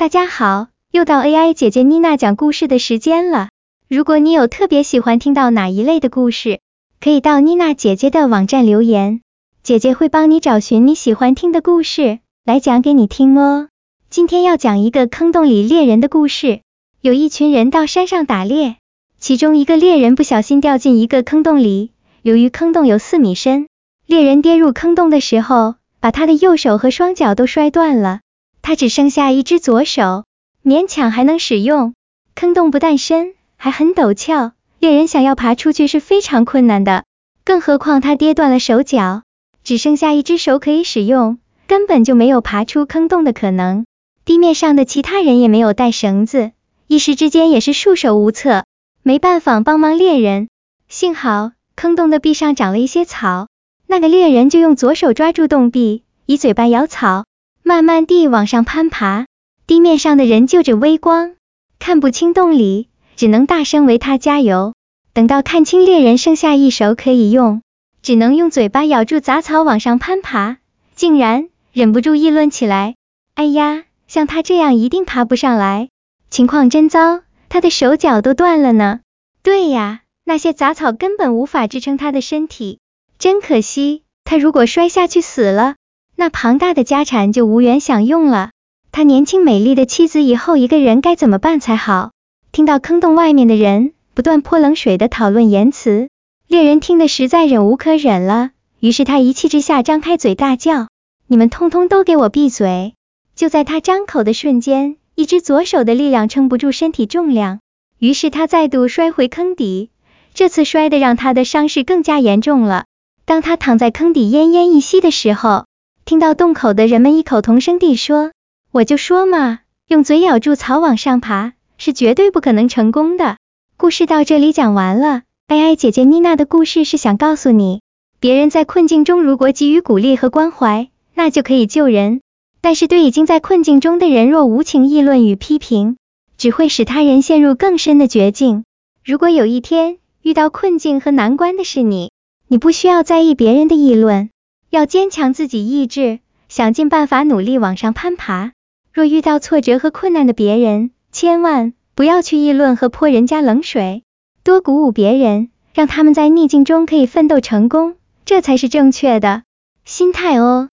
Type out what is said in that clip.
大家好，又到 AI 姐姐妮娜講故事的時間了。如果你有特別喜歡聽到哪一類的故事，可以到妮娜姐姐的網站留言，姐姐會幫你找尋你喜歡聽的故事來講給你聽哦。今天要講一個坑洞裡獵人的故事。有一群人到山上打獵，其中一個獵人不小心掉進一個坑洞裡。由於坑洞有四米深，獵人跌入坑洞的時候，把他的右手和雙腳都摔斷了。他只剩下一只左手，勉強還能使用。坑洞不但深，還很陡峭，獵人想要爬出去是非常困難的。更何況他跌斷了手腳，只剩下一只手可以使用，根本就沒有爬出坑洞的可能。地面上的其他人也沒有帶繩子，一時之間也是束手無策，沒辦法幫忙獵人。幸好坑洞的壁上長了一些草，那個獵人就用左手抓住洞壁，以嘴巴咬草。慢慢地往上攀爬，地面上的人就着微光，看不清洞裡，只能大聲為他加油。等到看清獵人剩下一手可以用，只能用嘴巴咬住雜草往上攀爬，竟然忍不住議論起來：“哎呀，像他這樣一定爬不上來，情況真糟，他的手腳都斷了呢。”“對呀，那些雜草根本無法支撐他的身體，真可惜，他如果摔下去死了。”那龐大的家產就無緣享用了。他年輕美麗的妻子以後一個人該怎麼辦才好？聽到坑洞外面的人不斷潑冷水的討論言辭，獵人聽得實在忍無可忍了。於是他一氣之下張開嘴大叫：“你們通通都給我閉嘴！”就在他張口的瞬間，一隻左手的力量撐不住身體重量，於是他再度摔回坑底。這次摔得讓他的傷勢更加嚴重了。當他躺在坑底奄奄一息的時候，聽到洞口的人們異口同聲地說：“我就說嘛，用嘴咬住草往上爬是絕對不可能成功的。”故事到這裡講完了。AI 姐姐妮娜的故事是想告訴你，別人在困境中如果給予鼓勵和關懷，那就可以救人；但是對已經在困境中的人若無情議論與批評，只會使他人陷入更深的絕境。如果有一天遇到困境和難關的是你，你不需要在意別人的議論。要堅強自己意志，想盡辦法努力往上攀爬。若遇到挫折和困難的別人，千萬不要去議論和潑人家冷水。多鼓舞別人，讓他們在逆境中可以奮鬥成功，這才是正確的心態哦。